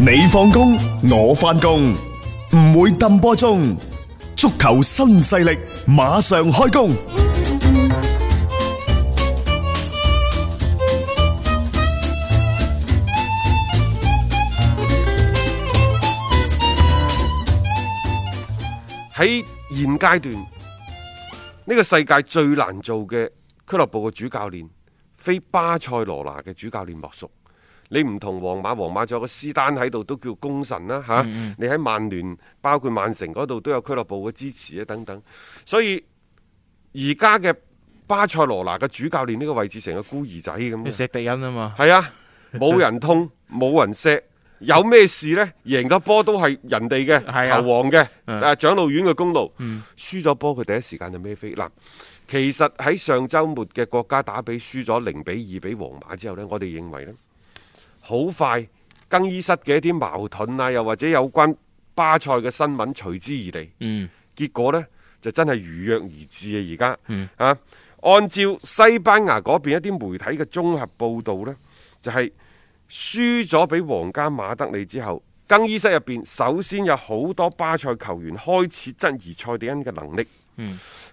你放工，我翻工，唔會抌波中。足球新勢力馬上開工。喺現階段，呢個世界最難做嘅俱樂部嘅主教練，非巴塞羅那嘅主教練莫屬。你唔同皇馬，皇馬仲有個施丹喺度，都叫功臣啦吓。啊、嗯嗯你喺曼聯，包括曼城嗰度都有俱樂部嘅支持啊，等等。所以而家嘅巴塞羅那嘅主教練呢個位置成個孤兒仔咁，石地恩啊嘛，係啊，冇人痛，冇人錫，有咩事呢？贏咗波都係人哋嘅 球王嘅，誒、啊啊，長老院嘅功勞。輸咗波，佢第一時間就孭飛。嗱，其實喺上周末嘅國家打比輸咗零比二畀皇馬之後呢，我哋認為咧。好快更衣室嘅一啲矛盾啊，又或者有關巴塞嘅新聞隨之而嚟。嗯，結果咧就真係如約而至啊！而家、嗯、啊，按照西班牙嗰邊一啲媒體嘅綜合報道咧，就係輸咗俾皇家馬德里之後，更衣室入邊首先有好多巴塞球員開始質疑塞蒂恩嘅能力。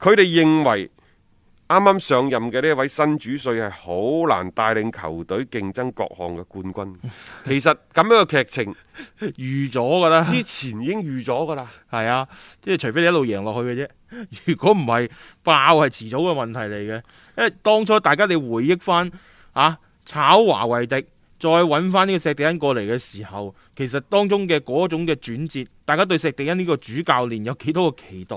佢哋、嗯、認為。啱啱上任嘅呢位新主帥係好難帶領球隊競爭各項嘅冠軍。其實咁樣嘅劇情預咗噶啦， 了了之前已經預咗噶啦。係 啊，即係除非你一路贏落去嘅啫。如果唔係爆係遲早嘅問題嚟嘅，因為當初大家你回憶翻啊炒華為迪，再揾翻呢個石地恩過嚟嘅時候，其實當中嘅嗰種嘅轉折。大家對石迪恩呢個主教練有幾多個期待？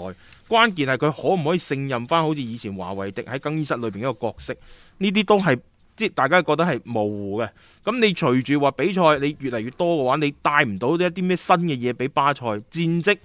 關鍵係佢可唔可以勝任翻好似以前華維迪喺更衣室裏邊一個角色？呢啲都係即大家覺得係模糊嘅。咁你隨住話比賽你越嚟越多嘅話，你帶唔到一啲咩新嘅嘢俾巴塞，戰績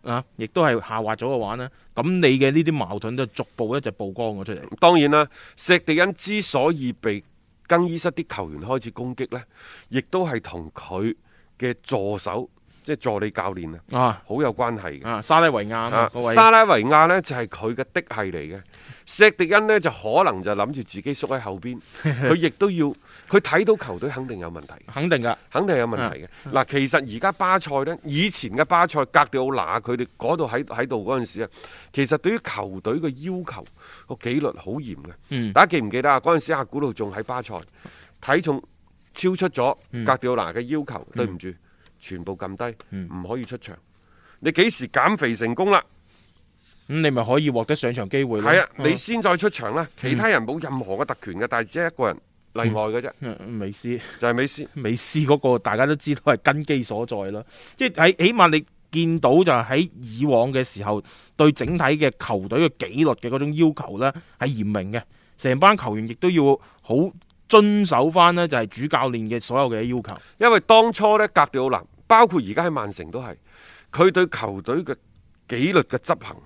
啊亦都係下滑咗嘅話呢。咁你嘅呢啲矛盾就逐步一就曝光咗出嚟。當然啦，石迪恩之所以被更衣室啲球員開始攻擊呢，亦都係同佢嘅助手。即係助理教練啊！好有關係嘅。啊，沙拉維亞啊，嗰位沙拉維亞呢就係佢嘅嫡系嚟嘅。席迪恩呢就可能就諗住自己縮喺後邊，佢亦 都要佢睇到球隊肯定有問題。肯定噶，肯定有問題嘅。嗱、啊，啊、其實而家巴塞呢，以前嘅巴塞格迪奧拿佢哋嗰度喺喺度嗰陣時啊，其實對於球隊嘅要求個紀律好嚴嘅。嗯、大家記唔記得啊？嗰陣時阿古魯仲喺巴塞，體重超出咗格迪奧拿嘅要求，對唔住。嗯全部撳低，唔可以出場。你幾時減肥成功啦？咁、嗯、你咪可以獲得上場機會咯。係啊，你先再出場啦。其他人冇任何嘅特權嘅，嗯、但係只係一個人例外嘅啫。美斯、嗯嗯、就係美斯，美斯嗰個大家都知道係根基所在啦。即係喺起碼你見到就喺以往嘅時候對整體嘅球隊嘅紀律嘅嗰種要求咧係嚴明嘅。成班球員亦都要好遵守翻呢，就係主教練嘅所有嘅要求。因為當初呢，哥迪奧拿。包括而家喺曼城都係，佢對球隊嘅紀律嘅執行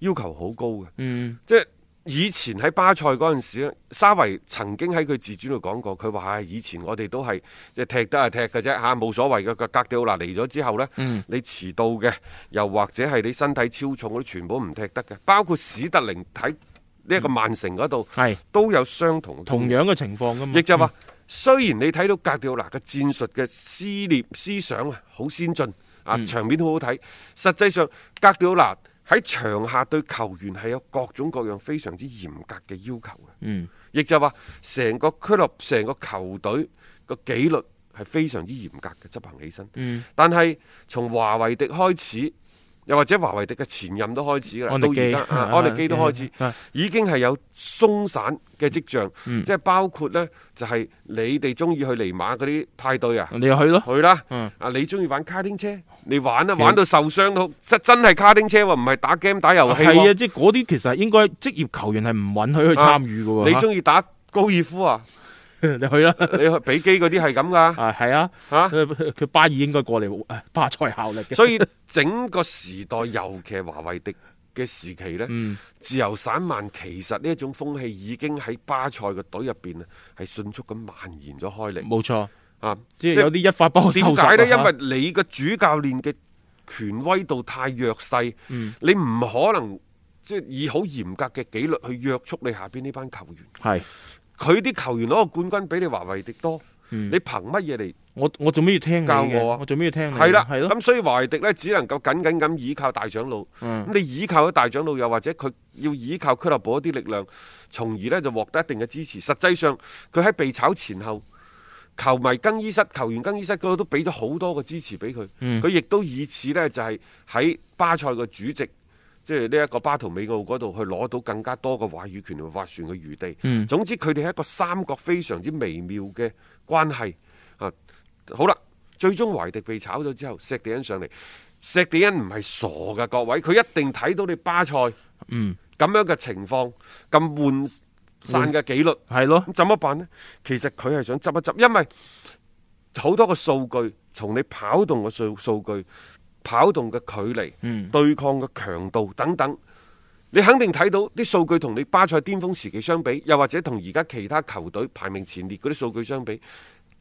要求好高嘅。嗯，即係以前喺巴塞嗰陣時，沙維曾經喺佢自傳度講過，佢話：以前我哋都係即係踢得係踢嘅啫，吓、啊、冇所謂嘅。格格迪奧納嚟咗之後呢，嗯、你遲到嘅，又或者係你身體超重嗰啲，全部唔踢得嘅。包括史特靈喺呢一個曼城嗰度，係、嗯、都有相同同樣嘅情況噶嘛。亦、嗯、即係話。雖然你睇到哥迪奧拿個戰術嘅思念思想啊，好先進啊，場面好好睇。實際上哥迪奧拿喺場下對球員係有各種各樣非常之嚴格嘅要求嘅，亦、嗯、就話成個俱樂部成個球隊個紀律係非常之嚴格嘅執行起身。嗯、但係從華維迪開始。又或者華為迪嘅前任都開始嘅，到而家啊，安歷基都開始，嗯、已經係有鬆散嘅跡象，嗯、即係包括咧，就係、是、你哋中意去尼馬嗰啲派對啊，你又去咯，去啦吧，嗯、啊你中意玩卡丁車，你玩啊，實玩到受傷都好，真真係卡丁車喎，唔係打 game 打遊戲，係啊，即係嗰啲其實應該職業球員係唔允許去參與嘅喎，啊、你中意打高爾夫啊？ 你去啦吧，你去比基嗰啲係咁噶。啊，係啊，吓佢、啊、巴爾應該過嚟巴塞效力。嘅。 所以整個時代，尤其係華為的嘅時期呢，嗯、自由散漫其實呢一種風氣已經喺巴塞嘅隊入邊咧，係迅速咁蔓延咗開嚟。冇錯錯，啊，即係即有啲一發不可收拾。點解呢？因為你嘅主教練嘅權威度太弱勢，嗯、你唔可能即係以好嚴格嘅紀律去約束你下邊呢班球員。係、嗯。佢啲球員攞個冠軍比你華為迪多，嗯、你憑乜嘢嚟？我我做咩要聽教我啊？我做咩要聽你？係啦，咁的的所以華為迪咧只能夠緊緊咁依靠大長老。咁、嗯、你依靠咗大長老，又或者佢要依靠俱樂部一啲力量，從而咧就獲得一定嘅支持。實際上，佢喺被炒前後，球迷更衣室、球員更衣室嗰度都俾咗好多個支持俾佢。佢亦、嗯、都以此咧就係、是、喺巴塞個主席，即係呢一個巴圖美奧嗰度去攞到更加多嘅話語權同劃船嘅餘地。嗯、總之佢哋係一個三角非常之微妙嘅關係。啊，好啦，最終維迪被炒咗之後，石地恩上嚟。石地恩唔係傻㗎各位，佢一定睇到你巴塞嗯咁樣嘅情況咁渙、嗯、散嘅紀律係咯。嗯嗯、咁怎麼辦呢？其實佢係想執一執，因為好多個數據從你跑動嘅數數據。跑動嘅距離、嗯、對抗嘅強度等等，你肯定睇到啲數據同你巴塞巔峰時期相比，又或者同而家其他球隊排名前列嗰啲數據相比，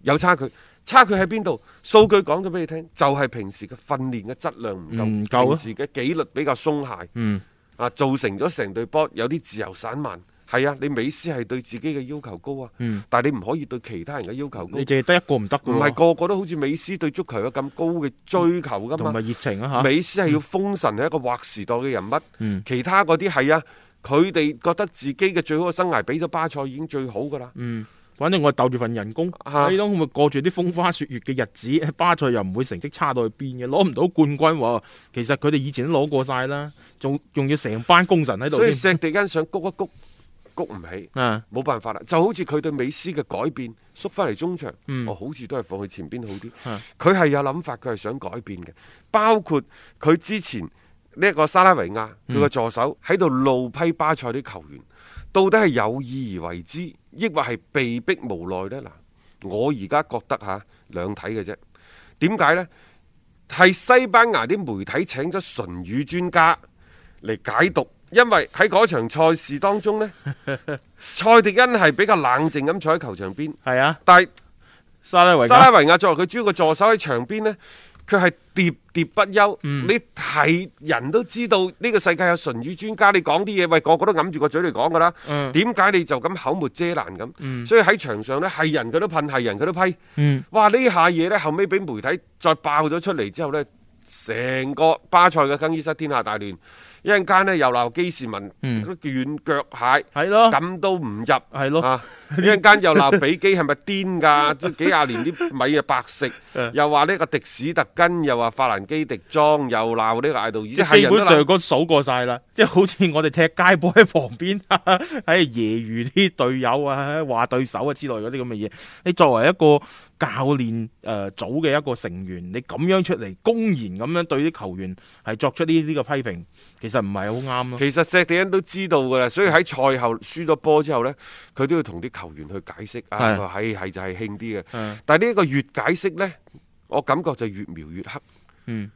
有差距。差距喺邊度？數據講咗俾你聽，就係、是、平時嘅訓練嘅質量唔夠，嗯、夠平時嘅紀律比較鬆懈，嗯、啊，造成咗成隊波有啲自由散漫。係啊，你美斯係對自己嘅要求高啊，嗯、但係你唔可以對其他人嘅要求高。你淨係得一個唔得，唔係個個都好似美斯對足球有咁高嘅追求噶同埋熱情啊吓！美斯係要封神，係一個劃時代嘅人物。嗯、其他嗰啲係啊，佢哋覺得自己嘅最好嘅生涯俾咗巴塞已經最好噶啦。嗯，反正我係鬥住份人工，你都咪過住啲風花雪月嘅日子。巴塞又唔會成績差到去邊嘅，攞唔到冠軍，啊。其實佢哋以前都攞過晒啦，仲仲要成班功臣喺度。 所以石地欣想谷一谷。谷唔起，冇辦法啦，就好似佢對美斯嘅改變縮翻嚟中場，我、嗯哦、好似都係放佢前邊好啲。佢係、嗯、有諗法，佢係想改變嘅。包括佢之前呢一、這個沙拉維亞，佢個助手喺度怒批巴塞啲球員，到底係有意而為之，抑或係被逼無奈呢？嗱，我而家覺得吓兩睇嘅啫。點解呢？係西班牙啲媒體請咗唇語專家嚟解讀。因為喺嗰場賽事當中呢，蔡 迪恩係比較冷靜咁坐喺球場邊。係啊 是，但係沙拉維沙亞作為佢主要嘅助手喺場邊呢，佢係喋喋不休。嗯、你睇人都知道呢個世界有唇語專家，你講啲嘢喂個個都揞住個嘴嚟講噶啦。點解、嗯、你就咁口沫遮攔咁？嗯、所以喺場上呢，係人佢都噴，係人佢都批。嗯、哇！呢下嘢呢，後尾俾媒體再爆咗出嚟之後呢，成個巴塞嘅更衣室天下大亂。一陣間咧又鬧基斯文，啲軟腳蟹，係咯的，咁都唔入，係咯的，一陣間又鬧比基，係咪癲噶？都幾廿年啲米啊白色， 又話呢個迪史特根，又話法蘭基迪莊，又鬧呢個艾杜爾，基本上都數過晒啦。即係好似我哋踢街波喺旁邊，喺業餘啲隊友啊，話對手啊之類嗰啲咁嘅嘢。你作為一個教練誒組嘅一個成員，你咁樣出嚟公然咁樣對啲球員係作出呢啲個批評，其實其實唔係好啱咯。其實石地恩都知道噶啦，所以喺賽後輸咗波之後呢，佢都要同啲球員去解釋。係係係就係輕啲嘅。的但係呢一個越解釋呢，我感覺就越描越黑。嗯，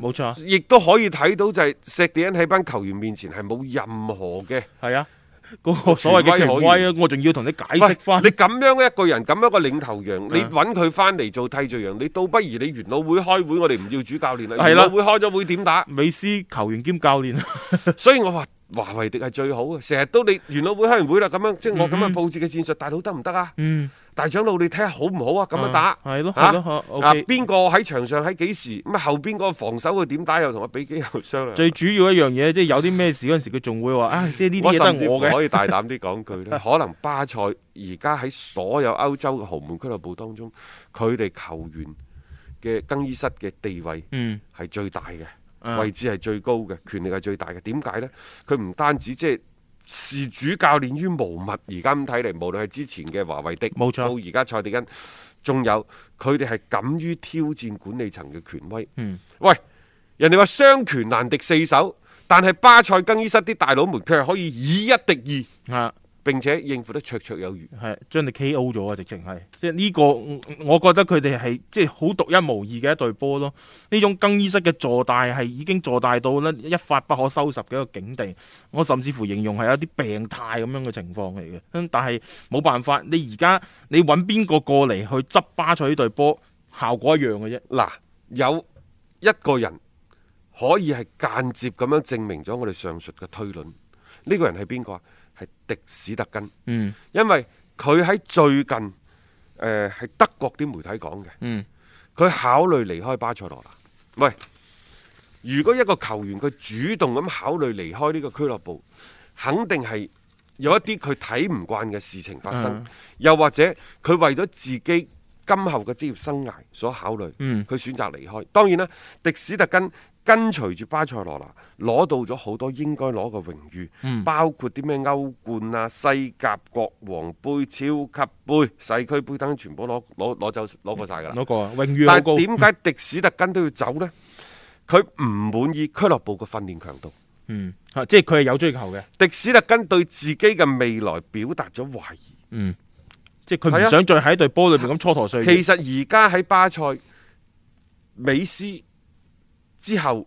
冇錯，啊。亦都可以睇到就係石地恩喺班球員面前係冇任何嘅。係啊。嗰個所謂嘅威威啊，我仲要同你解釋翻。你咁樣一個人，咁樣個領頭羊，你搵佢翻嚟做替罪羊，你倒不如你元老會開會，我哋唔要主教練啦。元老會開咗會點打？美斯球員兼教練， 所以我話華為迪係最好啊！成日都你元老會開完會啦，咁樣，嗯嗯，即係我咁樣佈置嘅戰術，大佬得唔得啊？嗯。大長老，你睇下好唔好啊？咁樣打係咯，嚇啊！邊個喺場上喺幾時？咁啊後邊個防守佢點打又同我俾幾後商量。最主要一樣嘢，即係有啲咩事嗰陣時，佢仲會話啊！即係呢啲都得我嘅。我甚至乎可以大膽啲講句咧，可能巴塞而家喺所有歐洲嘅豪門俱樂部當中，佢哋球員嘅更衣室嘅地位係最大嘅，位置係最高嘅，權力係最大嘅。點解呢？佢唔單止即係。是主教練於無物，而家咁睇嚟，無論係之前嘅華維迪，冇錯錯，到而家蔡迪恩，仲有佢哋係敢於挑戰管理層嘅權威。嗯，喂，人哋話雙拳難敵四手，但係巴塞更衣室啲大佬們，佢係可以以一敵二。係。並且應付得綽綽有餘，係將你 K.O. 咗啊！直情係，即係呢個我覺得佢哋係即係好獨一無二嘅一隊波咯。呢種更衣室嘅坐大係已經坐大到咧一發不可收拾嘅一個境地，我甚至乎形容係有啲病態咁樣嘅情況嚟嘅。但係冇辦法，你而家你揾邊個過嚟去執巴塞呢隊波，效果一樣嘅啫。嗱，有一個人可以係間接咁樣證明咗我哋上述嘅推論，呢個人係邊個啊？係迪斯特根，因為佢喺最近，誒、呃、係德國啲媒體講嘅，佢、嗯、考慮離開巴塞羅那。喂，如果一個球員佢主動咁考慮離開呢個俱樂部，肯定係有一啲佢睇唔慣嘅事情發生，嗯、又或者佢為咗自己今後嘅職業生涯所考慮，佢、嗯、選擇離開。當然啦，迪斯特根。跟隨住巴塞羅那攞到咗好多應該攞嘅榮譽，嗯、包括啲咩歐冠啊、西甲、國王杯、超級杯、世俱杯等，全部攞攞攞走攞過晒噶啦。攞過啊！榮譽好高。但點解迪士特根都要走呢？佢唔滿意俱樂部嘅訓練強度。嗯，吓、啊，即係佢係有追求嘅。迪士特根對自己嘅未來表達咗懷疑。嗯，即係佢唔想再喺隊波裏面咁蹉跎歲月。其實而家喺巴塞，美斯。之後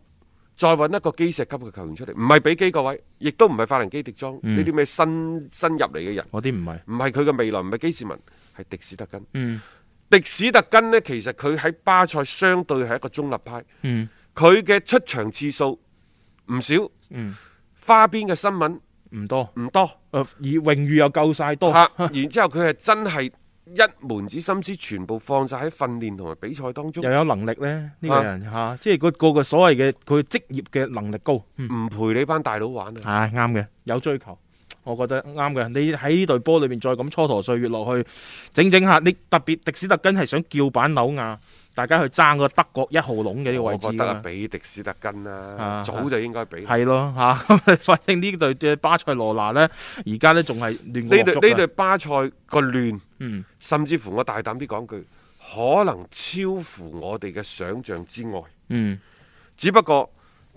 再揾一個基石級嘅球員出嚟，唔係比基個位，亦都唔係法蘭基迪莊呢啲咩新新入嚟嘅人。嗰啲唔係，唔係佢嘅未來，唔係基士文，係迪史特根。嗯、迪史特根呢，其實佢喺巴塞相對係一個中立派。佢嘅、嗯、出場次數唔少。嗯、花邊嘅新聞唔多，唔多。誒，而榮譽又夠晒多。 啊、然之後佢係真係。一門子心思全部放晒喺訓練同埋比賽當中，又有能力呢？呢、這個人吓、啊啊，即係個個所謂嘅佢職業嘅能力高，唔陪你班大佬玩、嗯、啊！係啱嘅，有追求，我覺得啱嘅。你喺呢隊波裏面再咁蹉跎歲月落去，整整下，你特別迪斯特根係想叫板扭亞。大家去爭個德國一號籠嘅呢個位置，我覺得啦，比迪斯特根啦、啊，啊、早就應該比。係咯嚇，反正呢隊嘅巴塞羅那呢，而家呢仲係亂。呢隊巴塞個亂，嗯、甚至乎我大膽啲講句，可能超乎我哋嘅想像之外。嗯，只不過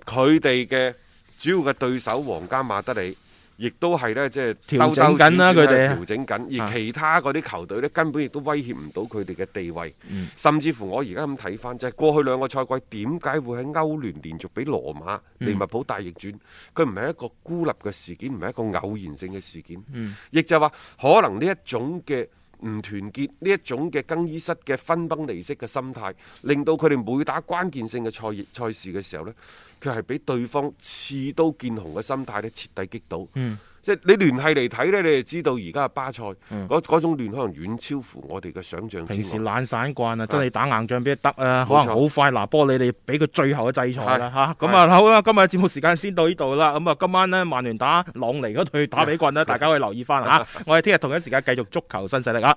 佢哋嘅主要嘅對手皇家馬德里。亦都係咧，即係調整緊啦，佢哋調整緊，而其他嗰啲球隊呢，根本亦都威脅唔到佢哋嘅地位。嗯、甚至乎我而家咁睇翻，就係、是、過去兩個賽季點解會喺歐聯連續俾羅馬、利物浦大逆轉？佢唔係一個孤立嘅事件，唔係一個偶然性嘅事件。亦就話，可能呢一種嘅，唔團結呢一種嘅更衣室嘅分崩離析嘅心態，令到佢哋每打關鍵性嘅賽賽事嘅時候呢，佢係俾對方刺刀見紅嘅心態呢，徹底擊倒。嗯即係你聯繫嚟睇咧，你哋知道而家巴塞嗰嗰、嗯、種亂可能遠超乎我哋嘅想象。平時懶散慣啊，啊真係打硬仗邊得啊？錯可能好快拿，波你，你哋俾佢最後嘅制裁啦吓。咁啊，啊、嗯、好啦，今日節目時間先到呢度啦。咁、嗯、啊，今晚咧曼聯打朗尼嗰隊打比郡咧，大家可以留意翻吓。我哋聽日同一時間繼續足球新勢力啊！